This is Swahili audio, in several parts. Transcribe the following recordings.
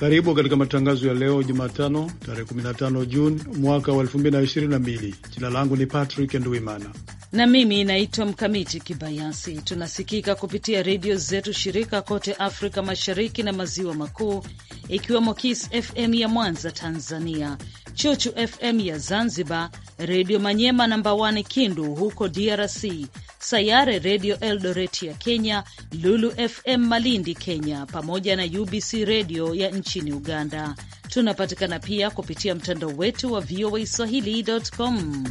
Karibu katika matangazo ya leo Jumatano, tarehe 15 Juni mwaka wa 2022. Jina langu ni Patrick Nduimana na mimi naitwa Mkamiti Kibayasi. Tunasikika kupitia redio zetu shirika kote Afrika Mashariki na Maziwa Makuu, ikiwemo Kiss FM ya Mwanza Tanzania, Chuchu FM ya Zanzibar, Redio Manyema namba 1 Kindu huko DRC, Sayare Redio Eldoret ya Kenya, Lulu FM Malindi Kenya, pamoja na UBC Redio ya nchi nchini Uganda. Tunapatikana pia kupitia mtandao wetu wa VOA Swahili.com.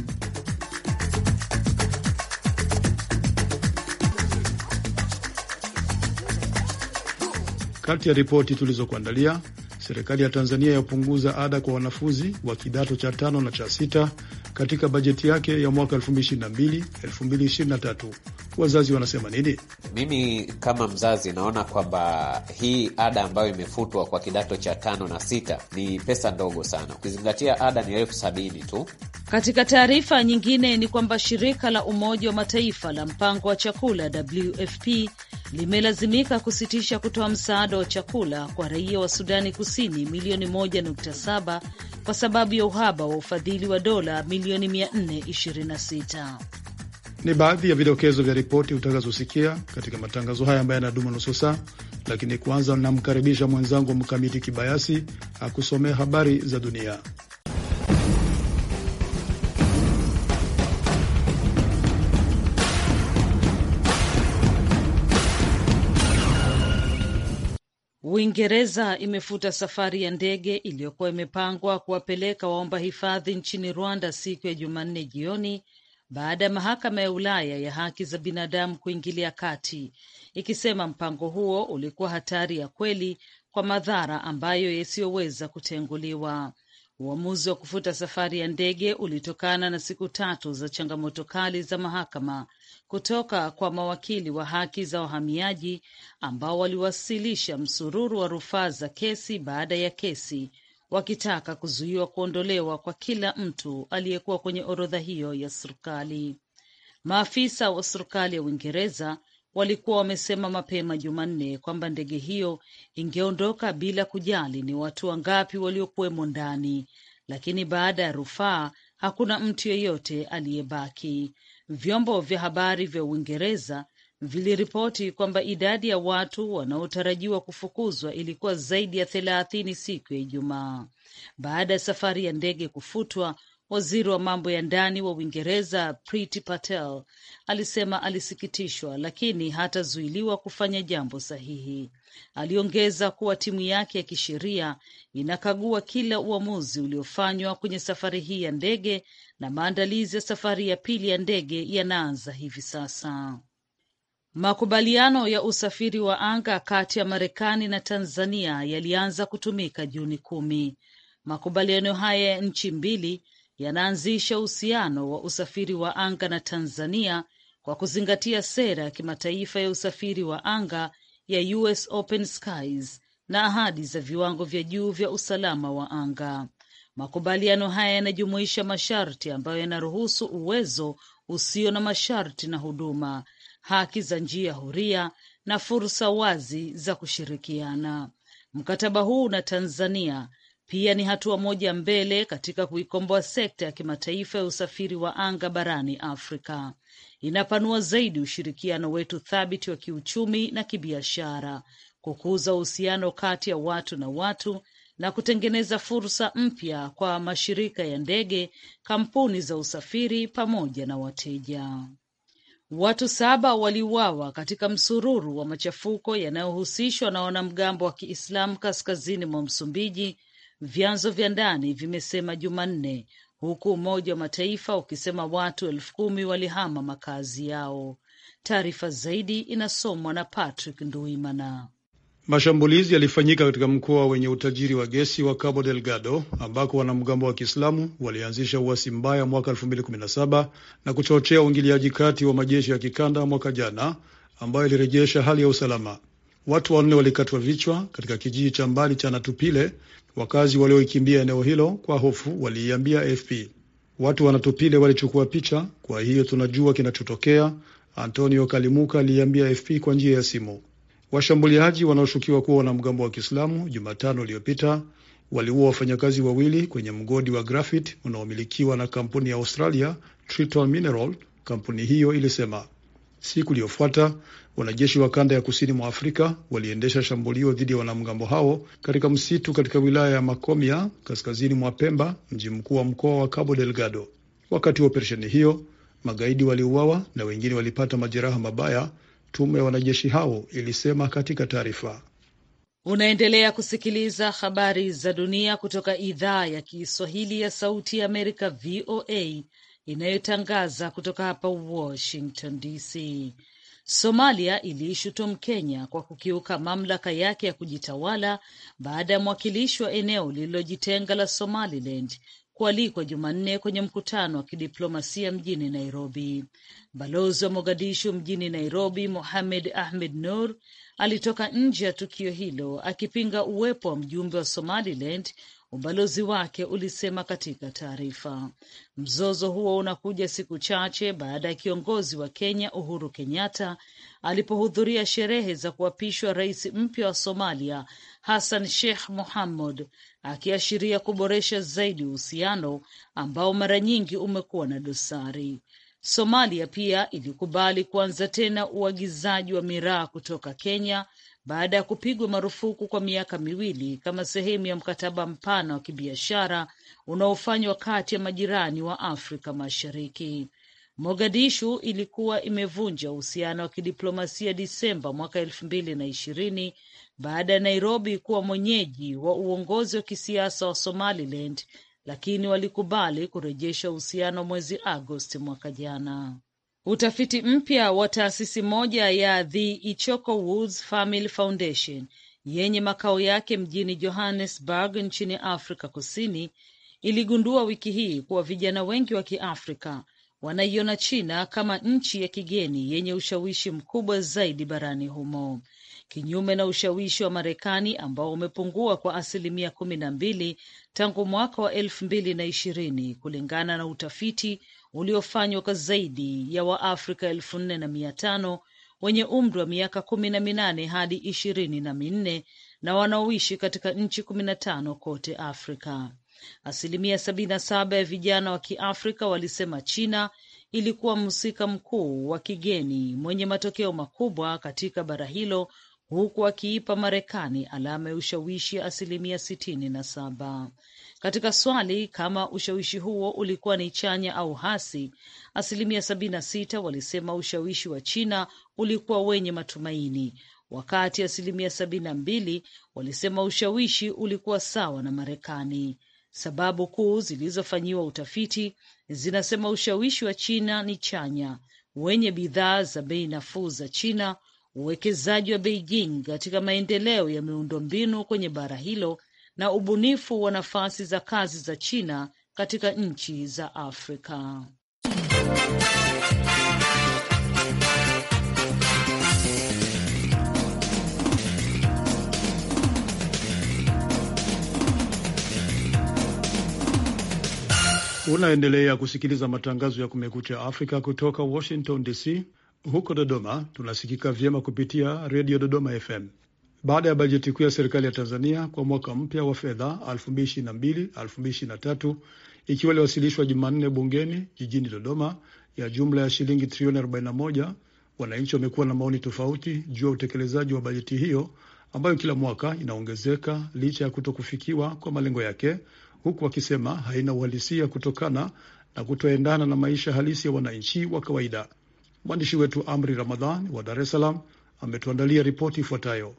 Kati ya ripoti tulizokuandalia, serikali ya Tanzania yapunguza ada kwa wanafunzi wa kidato cha tano na cha sita katika bajeti yake ya mwaka 2022 2023 wazazi wanasema nini? Mimi kama mzazi naona kwamba hii ada ambayo imefutwa kwa kidato cha tano na sita ni pesa ndogo sana, ukizingatia ada ni elfu sabini tu. Katika taarifa nyingine ni kwamba shirika la Umoja wa Mataifa la mpango wa chakula WFP limelazimika kusitisha kutoa msaada wa chakula kwa raia wa Sudani Kusini milioni 1.7 kwa sababu ya uhaba wa ufadhili wa dola milioni 426. Ni baadhi ya vidokezo vya ripoti utakazosikia katika matangazo haya ambayo yanadumu nusu saa, lakini kwanza namkaribisha mwenzangu Mkamiti Kibayasi akusomea habari za dunia. Uingereza imefuta safari ya ndege iliyokuwa imepangwa kuwapeleka waomba hifadhi nchini Rwanda siku ya Jumanne jioni baada ya mahakama ya Ulaya ya haki za binadamu kuingilia kati ikisema mpango huo ulikuwa hatari ya kweli kwa madhara ambayo yasiyoweza kutenguliwa. Uamuzi wa kufuta safari ya ndege ulitokana na siku tatu za changamoto kali za mahakama kutoka kwa mawakili wa haki za wahamiaji ambao waliwasilisha msururu wa rufaa za kesi baada ya kesi wakitaka kuzuiwa kuondolewa kwa kila mtu aliyekuwa kwenye orodha hiyo ya serikali. Maafisa wa serikali ya Uingereza walikuwa wamesema mapema Jumanne kwamba ndege hiyo ingeondoka bila kujali ni watu wangapi waliokuwemo ndani, lakini baada ya rufaa hakuna mtu yeyote aliyebaki. Vyombo vya habari vya Uingereza viliripoti kwamba idadi ya watu wanaotarajiwa kufukuzwa ilikuwa zaidi ya thelathini siku ya Ijumaa baada ya safari ya ndege kufutwa. Waziri wa mambo ya ndani wa Uingereza Priti Patel alisema alisikitishwa, lakini hatazuiliwa kufanya jambo sahihi. Aliongeza kuwa timu yake ya kisheria inakagua kila uamuzi uliofanywa kwenye safari hii ya ndege na maandalizi ya safari ya pili ya ndege yanaanza hivi sasa. Makubaliano ya usafiri wa anga kati ya Marekani na Tanzania yalianza kutumika Juni kumi. Makubaliano haya ya nchi mbili yanaanzisha uhusiano wa usafiri wa anga na Tanzania kwa kuzingatia sera ya kimataifa ya usafiri wa anga ya US Open Skies na ahadi za viwango vya juu vya usalama wa anga. Makubaliano haya yanajumuisha masharti ambayo yanaruhusu uwezo usio na masharti na huduma haki za njia huria na fursa wazi za kushirikiana. Mkataba huu na Tanzania pia ni hatua moja mbele katika kuikomboa sekta ya kimataifa ya usafiri wa anga barani Afrika. Inapanua zaidi ushirikiano wetu thabiti wa kiuchumi na kibiashara, kukuza uhusiano kati ya watu na watu na kutengeneza fursa mpya kwa mashirika ya ndege, kampuni za usafiri pamoja na wateja. Watu saba waliuawa katika msururu wa machafuko yanayohusishwa na wanamgambo wa Kiislamu kaskazini mwa Msumbiji, vyanzo vya ndani vimesema Jumanne, huku Umoja wa Mataifa ukisema watu elfu kumi walihama makazi yao. Taarifa zaidi inasomwa na Patrick Nduimana. Mashambulizi yalifanyika katika mkoa wenye utajiri wa gesi wa Cabo Delgado ambako wanamgambo wa Kiislamu walianzisha uasi mbaya mwaka 2017 na kuchochea uingiliaji kati wa majeshi ya kikanda mwaka jana, ambayo ilirejesha hali ya usalama. Watu wanne walikatwa vichwa katika kijiji cha mbali cha Natupile. Wakazi walioikimbia eneo hilo kwa hofu waliiambia AFP watu wa Natupile walichukua picha, kwa hiyo tunajua kinachotokea, Antonio Kalimuka aliiambia AFP kwa njia ya simu. Washambuliaji wanaoshukiwa kuwa wanamgambo wa Kiislamu Jumatano iliyopita waliua wafanyakazi wawili kwenye mgodi wa grafiti unaomilikiwa na kampuni ya Australia Triton Mineral, kampuni hiyo ilisema. Siku iliyofuata wanajeshi wa kanda ya kusini mwa Afrika waliendesha shambulio dhidi ya wanamgambo hao katika msitu katika wilaya ya Makomia kaskazini mwa Pemba, mji mkuu wa mkoa wa Cabo Delgado. Wakati wa operesheni hiyo, magaidi waliuawa na wengine walipata majeraha mabaya, tume ya wanajeshi hao ilisema katika taarifa. Unaendelea kusikiliza habari za dunia kutoka idhaa ya Kiswahili ya Sauti ya Amerika, VOA, inayotangaza kutoka hapa Washington DC. Somalia iliishutumu Kenya kwa kukiuka mamlaka yake ya kujitawala baada ya mwakilishi wa eneo lililojitenga la Somaliland kualikwa Jumanne kwenye mkutano wa kidiplomasia mjini Nairobi. Balozi wa Mogadishu mjini Nairobi, Mohamed Ahmed Nur, alitoka nje ya tukio hilo akipinga uwepo wa mjumbe wa Somaliland. Ubalozi wake ulisema katika taarifa, mzozo huo unakuja siku chache baada ya kiongozi wa Kenya Uhuru Kenyatta alipohudhuria sherehe za kuapishwa rais mpya wa Somalia Hassan Sheikh Mohamud akiashiria kuboresha zaidi uhusiano ambao mara nyingi umekuwa na dosari. Somalia pia ilikubali kuanza tena uagizaji wa miraa kutoka Kenya baada ya kupigwa marufuku kwa miaka miwili kama sehemu ya mkataba mpana wa kibiashara unaofanywa kati ya majirani wa Afrika Mashariki. Mogadishu ilikuwa imevunja uhusiano wa kidiplomasia Disemba mwaka elfu mbili na ishirini baada ya Nairobi kuwa mwenyeji wa uongozi wa kisiasa wa Somaliland, lakini walikubali kurejesha uhusiano mwezi Agosti mwaka jana. Utafiti mpya wa taasisi moja ya The Ichoko Woods Family Foundation yenye makao yake mjini Johannesburg nchini Afrika Kusini iligundua wiki hii kuwa vijana wengi wa Kiafrika wanaiona China kama nchi ya kigeni yenye ushawishi mkubwa zaidi barani humo kinyume na ushawishi wa Marekani ambao umepungua kwa asilimia kumi na mbili tangu mwaka wa elfu mbili na ishirini kulingana na utafiti uliofanywa kwa zaidi ya Waafrika elfu nne na mia tano wenye umri wa miaka kumi na minane hadi ishirini na minne na wanaoishi katika nchi kumi na tano kote Afrika. Asilimia sabini na saba ya vijana wa Kiafrika walisema China ilikuwa mhusika mkuu wa kigeni mwenye matokeo makubwa katika bara hilo huku akiipa Marekani alama ya ushawishi ya asilimia sitini na saba. Katika swali kama ushawishi huo ulikuwa ni chanya au hasi, asilimia sabini na sita walisema ushawishi wa China ulikuwa wenye matumaini, wakati asilimia sabini na mbili walisema ushawishi ulikuwa sawa na Marekani. Sababu kuu zilizofanyiwa utafiti zinasema ushawishi wa China ni chanya, wenye bidhaa za bei nafuu za China uwekezaji wa Beijing katika maendeleo ya miundombinu kwenye bara hilo na ubunifu wa nafasi za kazi za China katika nchi za Afrika. Unaendelea kusikiliza matangazo ya Kumekucha Afrika kutoka Washington DC. Huko Dodoma tunasikika vyema kupitia redio Dodoma FM. Baada ya bajeti kuu ya serikali ya Tanzania kwa mwaka mpya wa fedha 2022/2023 ikiwa iliwasilishwa Jumanne bungeni jijini Dodoma ya jumla ya shilingi trilioni 41, wananchi wamekuwa na maoni tofauti juu ya utekelezaji wa bajeti hiyo ambayo kila mwaka inaongezeka licha ya kutokufikiwa kwa malengo yake, huku wakisema haina uhalisia kutokana na kutoendana na maisha halisi ya wananchi wa kawaida. Mwandishi wetu Amri Ramadhan wa Dar es Salaam ametuandalia ripoti ifuatayo.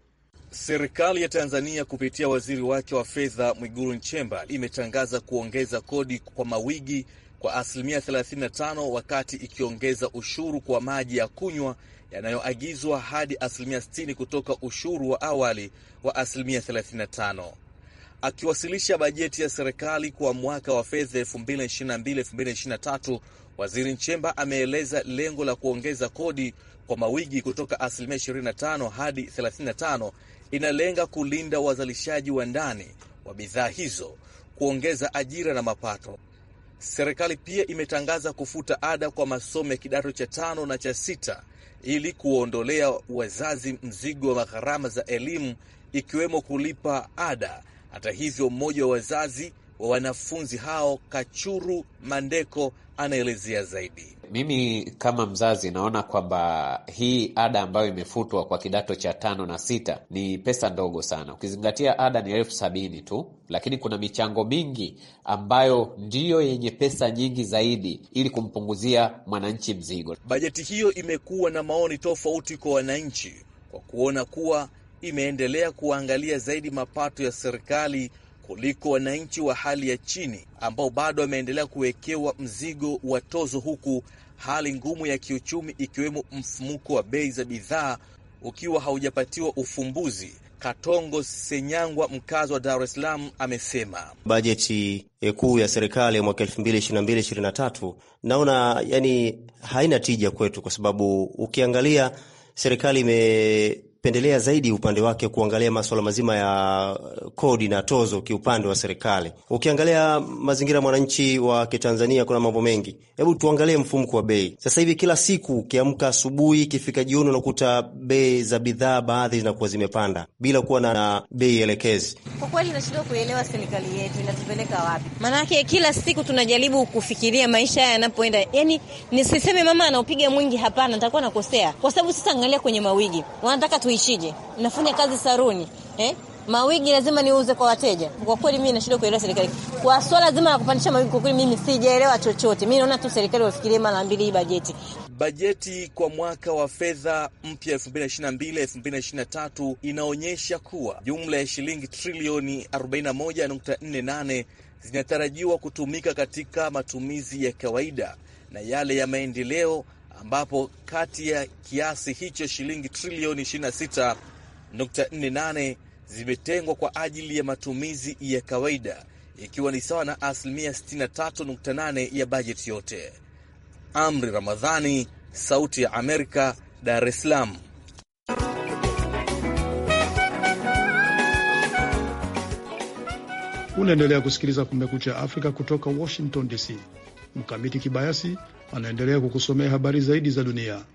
Serikali ya Tanzania kupitia waziri wake wa fedha Mwigulu Nchemba imetangaza kuongeza kodi kwa mawigi kwa asilimia 35 wakati ikiongeza ushuru kwa maji ya kunywa yanayoagizwa hadi asilimia 60 kutoka ushuru wa awali wa asilimia 35. Akiwasilisha bajeti ya serikali kwa mwaka wa fedha 2022/2023 Waziri Nchemba ameeleza lengo la kuongeza kodi kwa mawigi kutoka asilimia 25 hadi 35 inalenga kulinda wazalishaji wa ndani wa bidhaa hizo, kuongeza ajira na mapato. Serikali pia imetangaza kufuta ada kwa masomo ya kidato cha tano na cha sita ili kuondolea wazazi mzigo wa gharama za elimu ikiwemo kulipa ada. Hata hivyo, mmoja wa wazazi wa wanafunzi hao. Kachuru Mandeko anaelezea zaidi. Mimi kama mzazi naona kwamba hii ada ambayo imefutwa kwa kidato cha tano na sita ni pesa ndogo sana, ukizingatia ada ni elfu sabini tu, lakini kuna michango mingi ambayo ndiyo yenye pesa nyingi zaidi, ili kumpunguzia mwananchi mzigo. Bajeti hiyo imekuwa na maoni tofauti kwa wananchi, kwa kuona kuwa imeendelea kuangalia zaidi mapato ya serikali kuliko wananchi wa hali ya chini ambao bado wameendelea kuwekewa mzigo wa tozo, huku hali ngumu ya kiuchumi ikiwemo mfumuko wa bei za bidhaa ukiwa haujapatiwa ufumbuzi. Katongo Senyangwa, mkazi wa Dar es Salaam, amesema bajeti e, kuu ya serikali ya mwaka 2022 naona yani haina tija kwetu, kwa sababu ukiangalia serikali ime amependelea zaidi upande wake kuangalia masuala mazima ya uh, kodi na tozo kiupande wa serikali. Ukiangalia mazingira ya mwananchi wa Kitanzania, kuna mambo mengi. Hebu tuangalie mfumko wa bei sasa hivi. Kila siku ukiamka asubuhi, ikifika jioni, unakuta bei za bidhaa baadhi zinakuwa zimepanda bila kuwa na, na bei elekezi. Kwa kweli nashindwa kuelewa serikali yetu inatupeleka wapi, maanake kila siku tunajaribu kufikiria maisha haya yanapoenda. Yani nisiseme mama anaupiga mwingi, hapana, nitakuwa nakosea, kwa sababu sasa angalia kwenye mawigi wanataka tu tuishije? Nafanya kazi saruni eh? Mawigi lazima niuze kwa wateja. Kwa kweli mimi nashindwa kuelewa serikali. Kwa swala zima la kupandisha mawigi, kwa kweli mimi sijaelewa chochote. Mimi naona tu serikali wafikirie mara mbili hii bajeti. Bajeti kwa mwaka wa fedha mpya 2022/2023 inaonyesha kuwa jumla ya shilingi trilioni 41.48 zinatarajiwa kutumika katika matumizi ya kawaida na yale ya maendeleo ambapo kati ya kiasi hicho shilingi trilioni 26.48 zimetengwa kwa ajili ya matumizi ya kawaida ikiwa ni sawa na asilimia 63.8 ya bajeti yote. Amri Ramadhani, Sauti ya Amerika, Dar es Salaam. Unaendelea kusikiliza Kumekucha Afrika kutoka Washington DC. Mkamiti Kibayasi anaendelea kukusomea habari zaidi za dunia.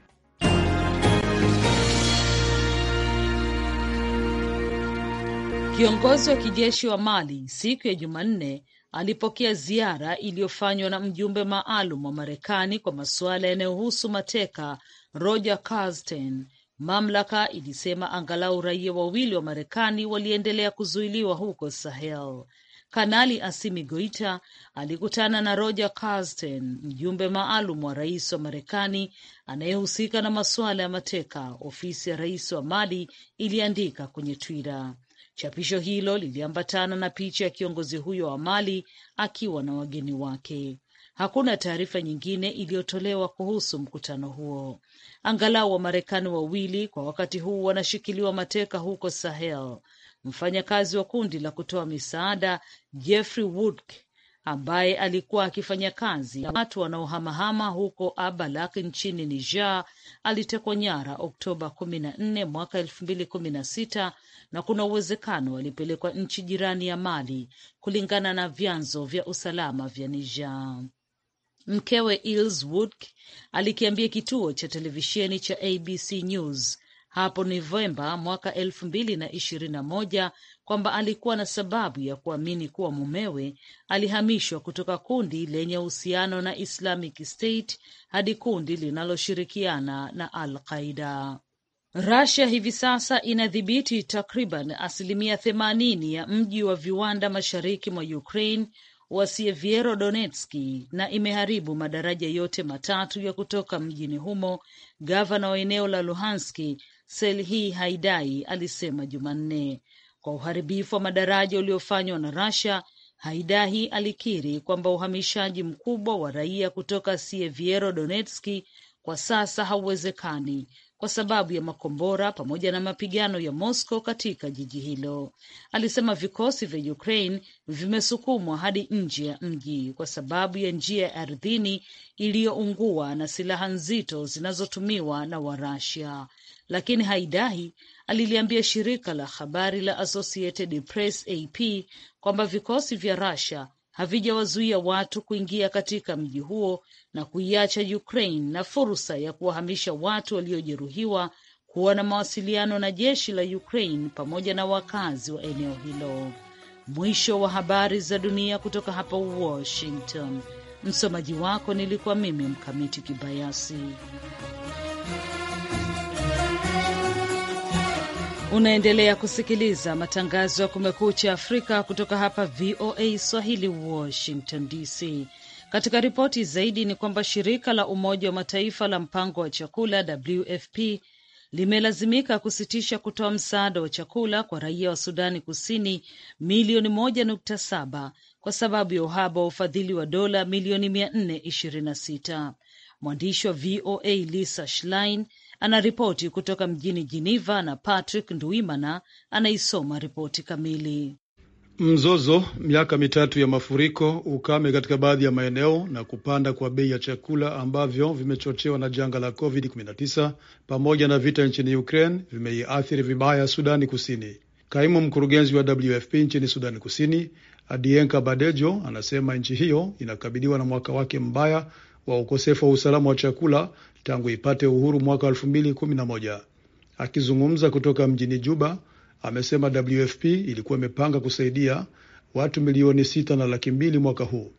Kiongozi wa kijeshi wa Mali siku ya Jumanne alipokea ziara iliyofanywa na mjumbe maalum wa Marekani kwa masuala yanayohusu mateka Roger Carsten. Mamlaka ilisema angalau raia wawili wa Marekani waliendelea kuzuiliwa huko Sahel. Kanali asimi Goita alikutana na Roger Carsten, mjumbe maalum wa rais wa Marekani anayehusika na masuala ya mateka, ofisi ya rais wa Mali iliandika kwenye Twitter. Chapisho hilo liliambatana na picha ya kiongozi huyo wa Mali akiwa na wageni wake. Hakuna taarifa nyingine iliyotolewa kuhusu mkutano huo. Angalau Wamarekani wawili kwa wakati huu wanashikiliwa mateka huko Sahel. Mfanyakazi wa kundi la kutoa misaada Jeffrey woodk ambaye alikuwa akifanya kazi na watu wanaohamahama huko Abalak nchini Niger alitekwa nyara Oktoba kumi na nne mwaka elfu kumi na na kuna uwezekano alipelekwa nchi jirani ya Mali kulingana na vyanzo vya usalama vya Niger. Mkewe Ils woodk alikiambia kituo cha televisheni cha ABC News hapo Novemba mwaka elfu mbili na ishirini na moja kwamba alikuwa na sababu ya kuamini kuwa mumewe alihamishwa kutoka kundi lenye uhusiano na Islamic State hadi kundi linaloshirikiana na Al Qaida. Rasia hivi sasa inadhibiti takriban asilimia themanini ya mji wa viwanda mashariki mwa Ukraine wa donetski na imeharibu madaraja yote matatu ya kutoka mjini humo. Gavana wa eneo la Luhanski Selhi Haidai alisema Jumanne, kwa uharibifu wa madaraja uliofanywa na Russia. Haidahi alikiri kwamba uhamishaji mkubwa wa raia kutoka Sieviero Donetski kwa sasa hauwezekani kwa sababu ya makombora pamoja na mapigano ya Moscow katika jiji hilo. Alisema vikosi vya Ukraine vimesukumwa hadi nje ya mji kwa sababu ya njia ya ardhini iliyoungua na silaha nzito zinazotumiwa na Warusia lakini haidahi aliliambia shirika la habari la Associated Press AP kwamba vikosi vya Russia havijawazuia watu kuingia katika mji huo na kuiacha Ukraine na fursa ya kuwahamisha watu waliojeruhiwa kuwa na mawasiliano na jeshi la Ukraine pamoja na wakazi wa eneo hilo. Mwisho wa habari za dunia kutoka hapa Washington. Msomaji wako nilikuwa mimi Mkamiti Kibayasi. Unaendelea kusikiliza matangazo ya Kumekucha Afrika kutoka hapa VOA Swahili, Washington DC. Katika ripoti zaidi ni kwamba shirika la Umoja wa Mataifa la mpango wa chakula WFP limelazimika kusitisha kutoa msaada wa chakula kwa raia wa Sudani Kusini milioni moja nukta saba kwa sababu ya uhaba wa ufadhili wa dola milioni mia nne ishirini na sita. Mwandishi wa VOA Lisa Schlein Anaripoti kutoka mjini Geneva na Patrick Nduimana anaisoma ripoti kamili. Mzozo, miaka mitatu ya mafuriko, ukame katika baadhi ya maeneo na kupanda kwa bei ya chakula ambavyo vimechochewa na janga la COVID-19 pamoja na vita nchini Ukraine vimeiathiri vibaya Sudani Kusini. Kaimu mkurugenzi wa WFP nchini Sudani Kusini, Adienka Badejo, anasema nchi hiyo inakabiliwa na mwaka wake mbaya wa ukosefu wa usalama wa chakula tangu ipate uhuru mwaka 2011. Akizungumza kutoka mjini Juba, amesema WFP ilikuwa imepanga kusaidia watu milioni sita na laki mbili mwaka huu,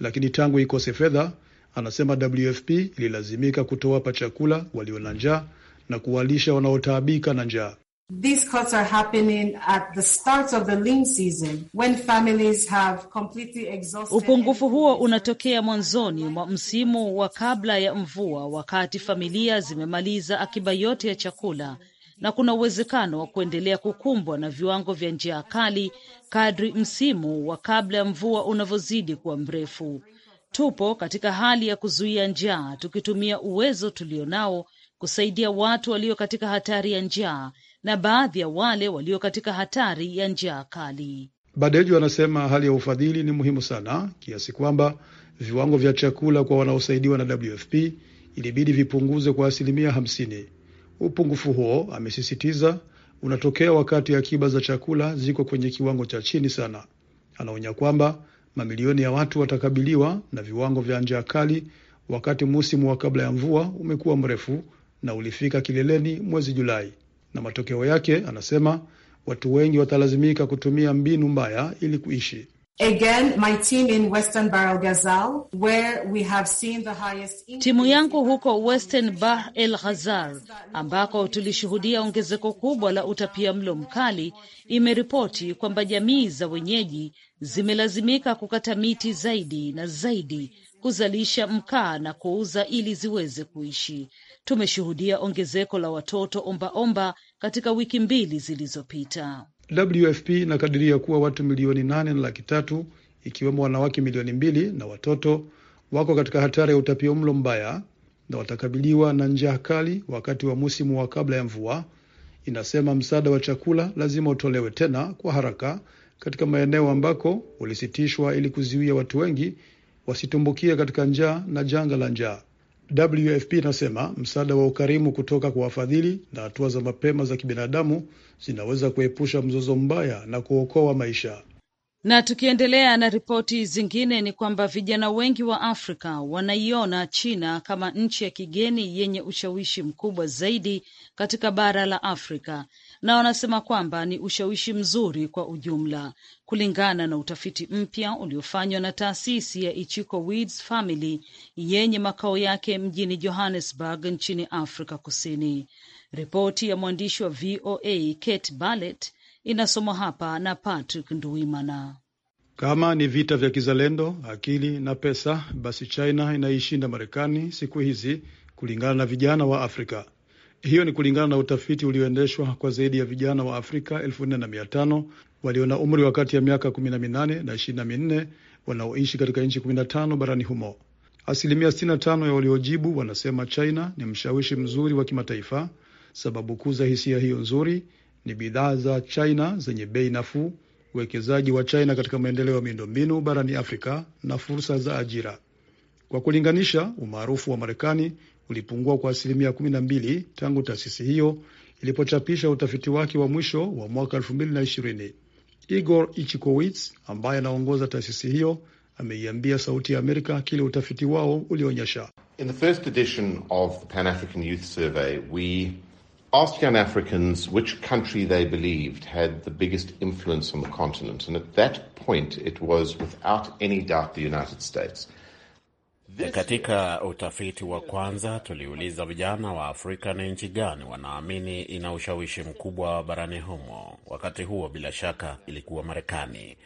lakini tangu ikose fedha, anasema WFP ililazimika kutowapa chakula walio na njaa na kuwalisha wanaotaabika na njaa. These cuts are happening at the start of the lean season when families have completely exhausted. Upungufu huo unatokea mwanzoni mwa msimu wa kabla ya mvua, wakati familia zimemaliza akiba yote ya chakula na kuna uwezekano wa kuendelea kukumbwa na viwango vya njaa kali kadri msimu wa kabla ya mvua unavyozidi kuwa mrefu. Tupo katika hali ya kuzuia njaa tukitumia uwezo tulionao kusaidia watu walio katika hatari ya njaa na baadhi ya wale walio katika hatari ya njaa kali. Badeju anasema hali ya ufadhili ni muhimu sana kiasi kwamba viwango vya chakula kwa wanaosaidiwa na WFP ilibidi vipunguze kwa asilimia 50 Upungufu huo, amesisitiza, unatokea wakati akiba za chakula ziko kwenye kiwango cha chini sana. Anaonya kwamba mamilioni ya watu watakabiliwa na viwango vya njaa kali wakati musimu wa kabla ya mvua umekuwa mrefu na ulifika kileleni mwezi Julai na matokeo yake, anasema watu wengi watalazimika kutumia mbinu mbaya ili kuishi. Timu yangu huko Western Bahr El Ghazal, ambako tulishuhudia ongezeko kubwa la utapia mlo mkali, imeripoti kwamba jamii za wenyeji zimelazimika kukata miti zaidi na zaidi, kuzalisha mkaa na kuuza ili ziweze kuishi tumeshuhudia ongezeko la watoto ombaomba katika wiki mbili zilizopita. WFP inakadiria kuwa watu milioni nane na laki tatu ikiwemo wanawake milioni mbili na watoto wako katika hatari ya utapio mlo mbaya na watakabiliwa na njaa kali wakati wa musimu wa kabla ya mvua. Inasema msaada wa chakula lazima utolewe tena kwa haraka katika maeneo ambako ulisitishwa ili kuzuia watu wengi wasitumbukie katika njaa na janga la njaa. WFP inasema msaada wa ukarimu kutoka kwa wafadhili na hatua za mapema za kibinadamu zinaweza kuepusha mzozo mbaya na kuokoa maisha. Na tukiendelea na ripoti zingine ni kwamba vijana wengi wa Afrika wanaiona China kama nchi ya kigeni yenye ushawishi mkubwa zaidi katika bara la Afrika na wanasema kwamba ni ushawishi mzuri kwa ujumla, kulingana na utafiti mpya uliofanywa na taasisi ya Ichiko Weeds Family yenye makao yake mjini Johannesburg nchini Afrika Kusini. Ripoti ya mwandishi wa VOA Kate Barlett inasomwa hapa na Patrick nduimana Kama ni vita vya kizalendo, akili na pesa, basi China inaishinda Marekani siku hizi kulingana na vijana wa Afrika. Hiyo ni kulingana na utafiti ulioendeshwa kwa zaidi ya vijana wa Afrika elfu nne na mia tano walio na umri wa kati ya miaka 18 na 24 wanaoishi katika nchi 15 barani humo. Asilimia 65 ya waliojibu wanasema China ni mshawishi mzuri wa kimataifa. Sababu kuu za hisia hiyo nzuri ni bidhaa za China zenye bei nafuu, uwekezaji wa China katika maendeleo ya miundombinu barani Afrika na fursa za ajira. Kwa kulinganisha, umaarufu wa Marekani ulipungua kwa asilimia 12 tangu taasisi hiyo ilipochapisha utafiti wake wa mwisho wa mwaka 2020. Igor Ichikowitz ambaye anaongoza taasisi hiyo ameiambia Sauti ya Amerika kile utafiti wao ulionyesha. In the first edition of the Pan African Youth Survey we asked young Africans which country they believed had the biggest influence on the continent and at that point it was without any doubt the United States. Katika utafiti wa kwanza tuliuliza vijana wa Afrika ni nchi gani wanaamini ina ushawishi mkubwa barani humo. Wakati huo bila shaka ilikuwa Marekani.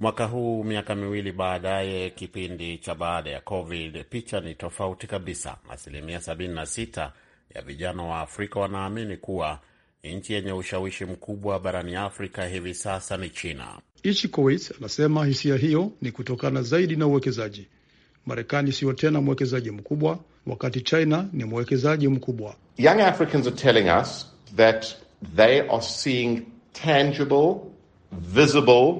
Mwaka huu miaka miwili baadaye, kipindi cha baada ya COVID, picha ni tofauti kabisa. Asilimia 76 ya vijana wa Afrika wanaamini kuwa nchi yenye ushawishi mkubwa barani Afrika hivi sasa ni China. Ichi anasema hisia hiyo ni kutokana zaidi na uwekezaji Marekani siyo tena mwekezaji mkubwa, wakati China ni mwekezaji mkubwa. Young Africans are telling us that they are seeing tangible, visible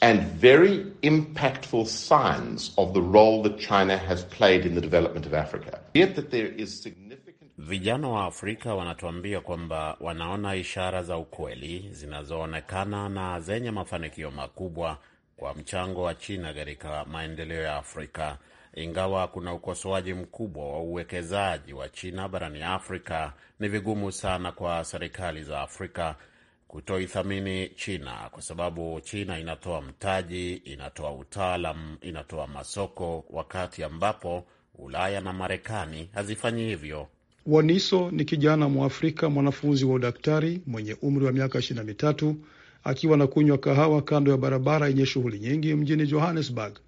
and very impactful signs of the role that China has played in the development of Africa. That there is significant... Vijana wa Afrika wanatuambia kwamba wanaona ishara za ukweli zinazoonekana na zenye mafanikio makubwa kwa mchango wa China katika maendeleo ya Afrika ingawa kuna ukosoaji mkubwa wa uwekezaji wa China barani Afrika, ni vigumu sana kwa serikali za Afrika kutoithamini China kwa sababu China inatoa mtaji, inatoa utaalam, inatoa masoko, wakati ambapo Ulaya na Marekani hazifanyi hivyo. Waniso ni kijana Mwafrika mwanafunzi wa udaktari mwenye umri wa miaka ishirini na mitatu akiwa na kunywa kahawa kando ya barabara yenye shughuli nyingi mjini Johannesburg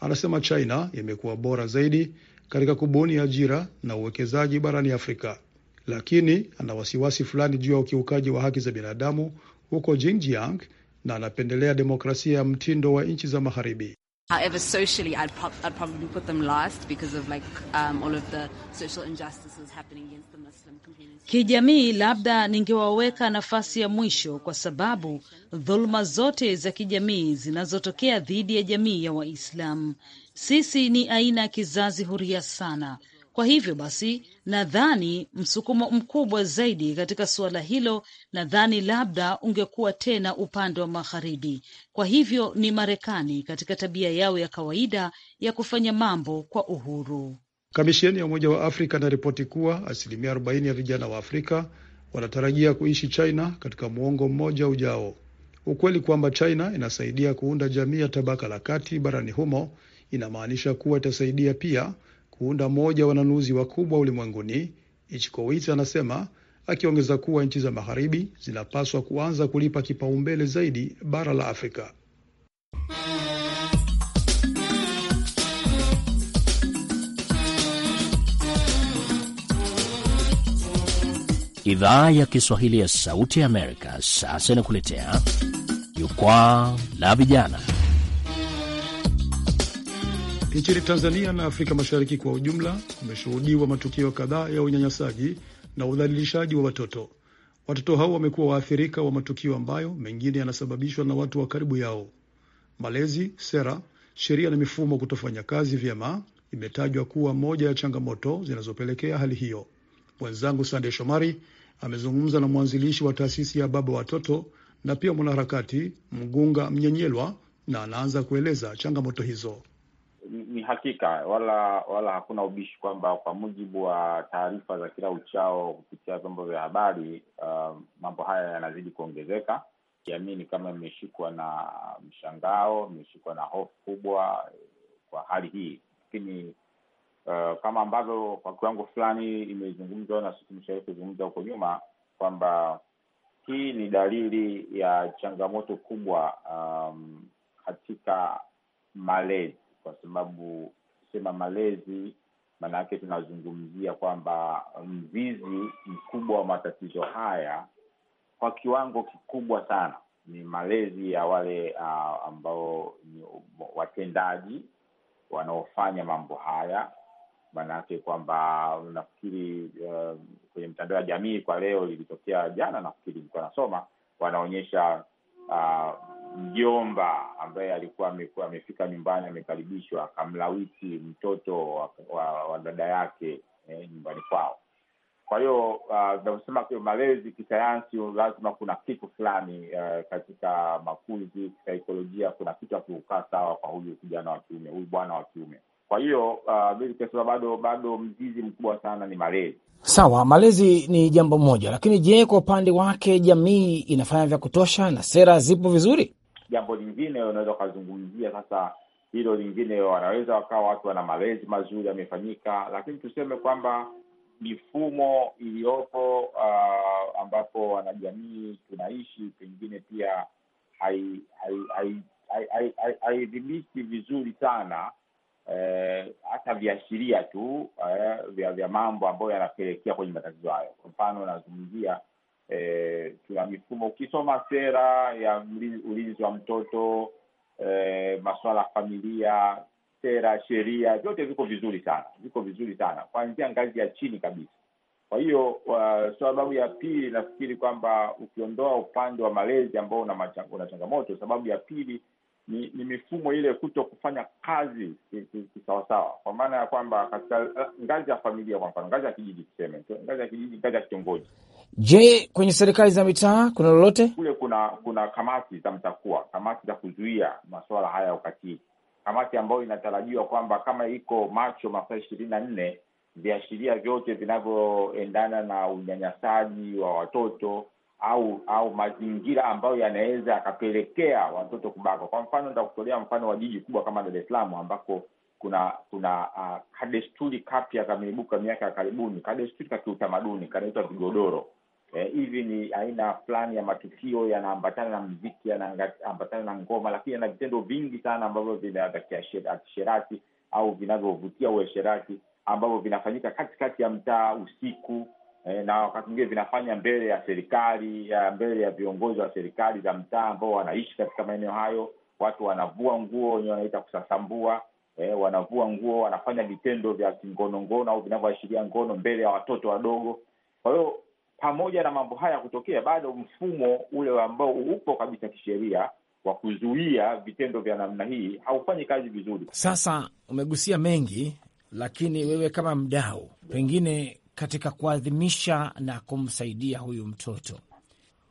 anasema China imekuwa bora zaidi katika kubuni ajira na uwekezaji barani Afrika, lakini ana wasiwasi fulani juu ya ukiukaji wa haki za binadamu huko Xinjiang na anapendelea demokrasia ya mtindo wa nchi za Magharibi. However, socially, I'd, pro I'd probably put them last because of like, um, all of the social injustices happening against the Muslim community. Kijamii, labda ningewaweka nafasi ya mwisho kwa sababu dhuluma zote za kijamii zinazotokea dhidi ya jamii ya Waislamu. Sisi ni aina ya kizazi huria sana kwa hivyo basi, nadhani msukumo mkubwa zaidi katika suala hilo, nadhani labda ungekuwa tena upande wa magharibi. Kwa hivyo ni Marekani katika tabia yao ya kawaida ya kufanya mambo kwa uhuru. Kamisheni ya Umoja wa Afrika inaripoti kuwa asilimia 40 ya vijana wa Afrika wanatarajia kuishi China katika muongo mmoja ujao. Ukweli kwamba China inasaidia kuunda jamii ya tabaka la kati barani humo inamaanisha kuwa itasaidia pia kuunda moja wanunuzi wakubwa ulimwenguni, Ichikowitz anasema, akiongeza kuwa nchi za magharibi zinapaswa kuanza kulipa kipaumbele zaidi bara la Afrika. Idhaa ya Kiswahili ya Sauti ya Amerika sasa inakuletea jukwaa la vijana. Nchini Tanzania na Afrika Mashariki kwa ujumla kumeshuhudiwa matukio kadhaa ya unyanyasaji na udhalilishaji wa watoto. Watoto hao wamekuwa waathirika wa matukio ambayo mengine yanasababishwa na watu wa karibu yao. Malezi, sera, sheria na mifumo kutofanya kazi vyema imetajwa kuwa moja ya changamoto zinazopelekea hali hiyo. Mwenzangu Sande Shomari amezungumza na mwanzilishi wa taasisi ya Baba Watoto na pia mwanaharakati Mgunga Mnyenyelwa, na anaanza kueleza changamoto hizo ni hakika wala wala hakuna ubishi kwamba kwa mujibu wa taarifa za kila uchao kupitia vyombo vya habari uh, mambo haya yanazidi kuongezeka. Jamii kama imeshikwa na mshangao, imeshikwa na hofu kubwa eh, kwa hali hii, lakini uh, kama ambavyo kwa kiwango fulani imezungumzwa na sisi kuzungumza huko nyuma kwamba hii ni dalili ya changamoto kubwa um, katika malezi kwa sababu sema malezi, maanaake tunazungumzia kwamba mzizi mkubwa wa matatizo haya kwa kiwango kikubwa sana ni malezi ya wale uh, ambao ni watendaji wanaofanya mambo haya. Maanake kwamba nafikiri uh, kwenye mtandao wa jamii kwa leo lilitokea jana, nafikiri nilikuwa nasoma, wanaonyesha uh, mjomba ambaye alikuwa amefika nyumbani amekaribishwa, akamlawiti mtoto wa, wa, wa dada yake eh, nyumbani kwao. Kwa hiyo ah, tunavyosema uh, malezi kisayansi, lazima kuna kitu fulani uh, katika makuzi kisaikolojia, kuna kitu akiukaa sawa kwa huyu kijana wa kiume, huyu bwana wa kiume. Kwa hiyo uh, bado bado mzizi mkubwa sana ni malezi. Sawa, malezi ni jambo moja, lakini je, kwa upande wake jamii inafanya vya kutosha na sera zipo vizuri? jambo lingine unaweza ukazungumzia sasa hilo lingine, wanaweza wakawa watu wana malezi mazuri yamefanyika, lakini tuseme kwamba mifumo iliyopo uh, ambapo wanajamii tunaishi pengine pia haidhibiti hai, hai, hai, hai, hai vizuri sana eh, hata eh, viashiria tu eh, vya, vya mambo ambayo yanapelekea kwenye matatizo hayo. Kwa mfano unazungumzia eh, tuna mifumo ukisoma sera ya ulinzi wa mtoto eh, masuala ya familia sera sheria vyote viko vizuri sana viko vizuri sana kuanzia ngazi ya chini kabisa kwa hiyo uh, sababu ya pili nafikiri kwamba ukiondoa upande wa malezi ambao una, una changamoto sababu ya pili ni, ni mifumo ile kuto kufanya kazi kisawasawa kwa maana ya kwamba katika eh, ngazi ya familia kwa mfano ngazi ya kijiji tuseme ngazi ya kijiji ngazi ya kitongoji Je, kwenye serikali za mitaa kuna lolote kule? Kuna kuna kamati za mtakuwa, kamati za kuzuia masuala haya ya ukatili, kamati ambayo inatarajiwa kwamba kama iko macho masaa ishirini na nne viashiria vyote vinavyoendana na unyanyasaji wa watoto au au mazingira ambayo yanaweza yakapelekea watoto kubakwa. Kwa mfano, nitakutolea mfano wa jiji kubwa kama Dar es Salaam ambako kuna kuna uh, kadesturi kapya kameibuka miaka ya karibuni, kadesturi ka kiutamaduni kanaitwa vigodoro. Eh, hivi ni aina fulani ya matukio yanaambatana na mziki yanaambatana na ngoma lakini yana vitendo vingi sana ambavyo vina kiasherati au vinavyovutia uasherati ambavyo vinafanyika katikati ya mtaa usiku eh, na wakati mwingine vinafanya mbele ya serikali ya mbele ya viongozi wa serikali za mtaa ambao wanaishi katika maeneo hayo watu wanavua nguo wenyewe wanaita kusasambua eh, wanavua nguo wanafanya vitendo vya kingonongono au vinavyoashiria ngono mbele ya watoto wadogo kwa hiyo pamoja na mambo haya kutokea, bado mfumo ule ambao upo kabisa kisheria wa kuzuia vitendo vya namna hii haufanyi kazi vizuri. Sasa umegusia mengi, lakini wewe kama mdau, pengine katika kuadhimisha na kumsaidia huyu mtoto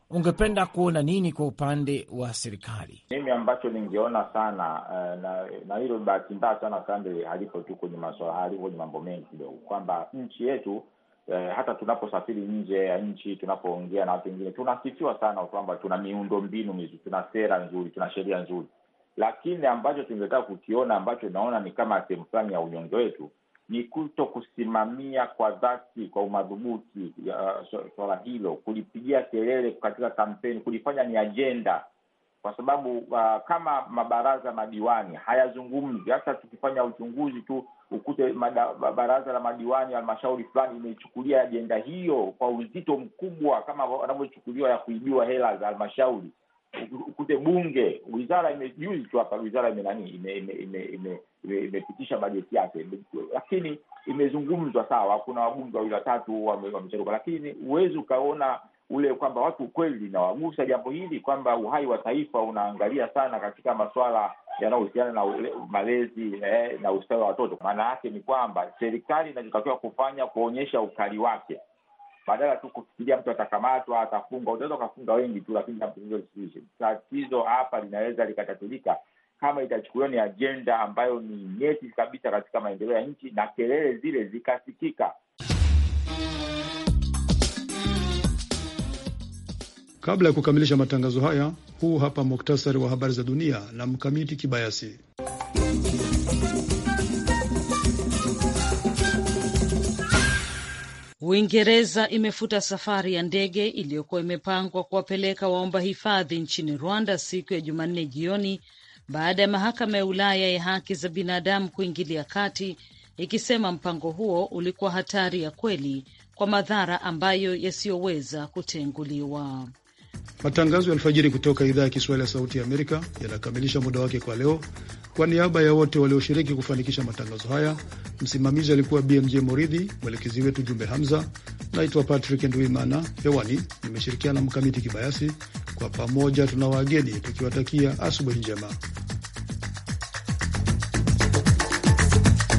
ungependa kuona nini kwa upande wa serikali? Mimi ambacho ningeona sana eh, na, na hilo bahati mbaya sana sande halipo tu kwenye maswala, halipo kwenye mambo mengi kidogo, kwamba nchi yetu eh, hata tunaposafiri nje ya nchi, tunapoongea na watu wengine, tunasifiwa sana kwamba tuna miundo mbinu mizuri, tuna sera nzuri, tuna sheria nzuri, lakini ambacho tungetaka kukiona, ambacho naona ni kama sehemu fulani ya unyonge wetu ni kuto kusimamia kwa dhati, kwa umadhubuti swala so, hilo, kulipigia kelele katika kampeni, kulifanya ni ajenda kwa sababu uh, kama mabaraza madiwani hayazungumzi, hata tukifanya uchunguzi tu ukute mada, baraza la madiwani halmashauri fulani imeichukulia ajenda hiyo kwa uzito mkubwa kama wanavyochukuliwa ya kuibiwa hela za halmashauri. Ukute bunge, wizara imejuzi tu hapa, wizara ime nani imepitisha ime, ime, ime, ime, ime bajeti yake, lakini imezungumzwa sawa, kuna wabunge wawili watatu wamecharuka, lakini huwezi ukaona ule kwamba watu ukweli nawagusa jambo hili kwamba uhai wa taifa unaangalia sana katika masuala yanayohusiana na malezi eh, na ustawi wa watoto. Maana yake ni kwamba serikali inachotakiwa kufanya kuonyesha ukali wake, badala tu kufikiria mtu atakamatwa, atafungwa. Unaweza ukafunga wengi tu, lakini tatizo hapa linaweza likatatulika kama itachukuliwa ni ajenda ambayo ni nyeti kabisa katika maendeleo ya nchi na kelele zile zikasikika. Kabla ya kukamilisha matangazo haya, huu hapa muktasari wa habari za dunia na Mkamiti Kibayasi. Uingereza imefuta safari ya ndege iliyokuwa imepangwa kuwapeleka waomba hifadhi nchini Rwanda siku ya Jumanne jioni baada ya mahakama ya Ulaya ya haki za binadamu kuingilia kati ikisema mpango huo ulikuwa hatari ya kweli kwa madhara ambayo yasiyoweza kutenguliwa. Matangazo ya alfajiri kutoka idhaa ya Kiswahili ya Sauti ya Amerika yanakamilisha muda wake kwa leo. Kwa niaba ya wote walioshiriki kufanikisha matangazo haya, msimamizi alikuwa BMJ Moridhi, mwelekezi wetu Jumbe Hamza. Naitwa Patrick Nduimana, hewani nimeshirikiana Mkamiti Kibayasi. Kwa pamoja tuna wageni tukiwatakia asubuhi njema.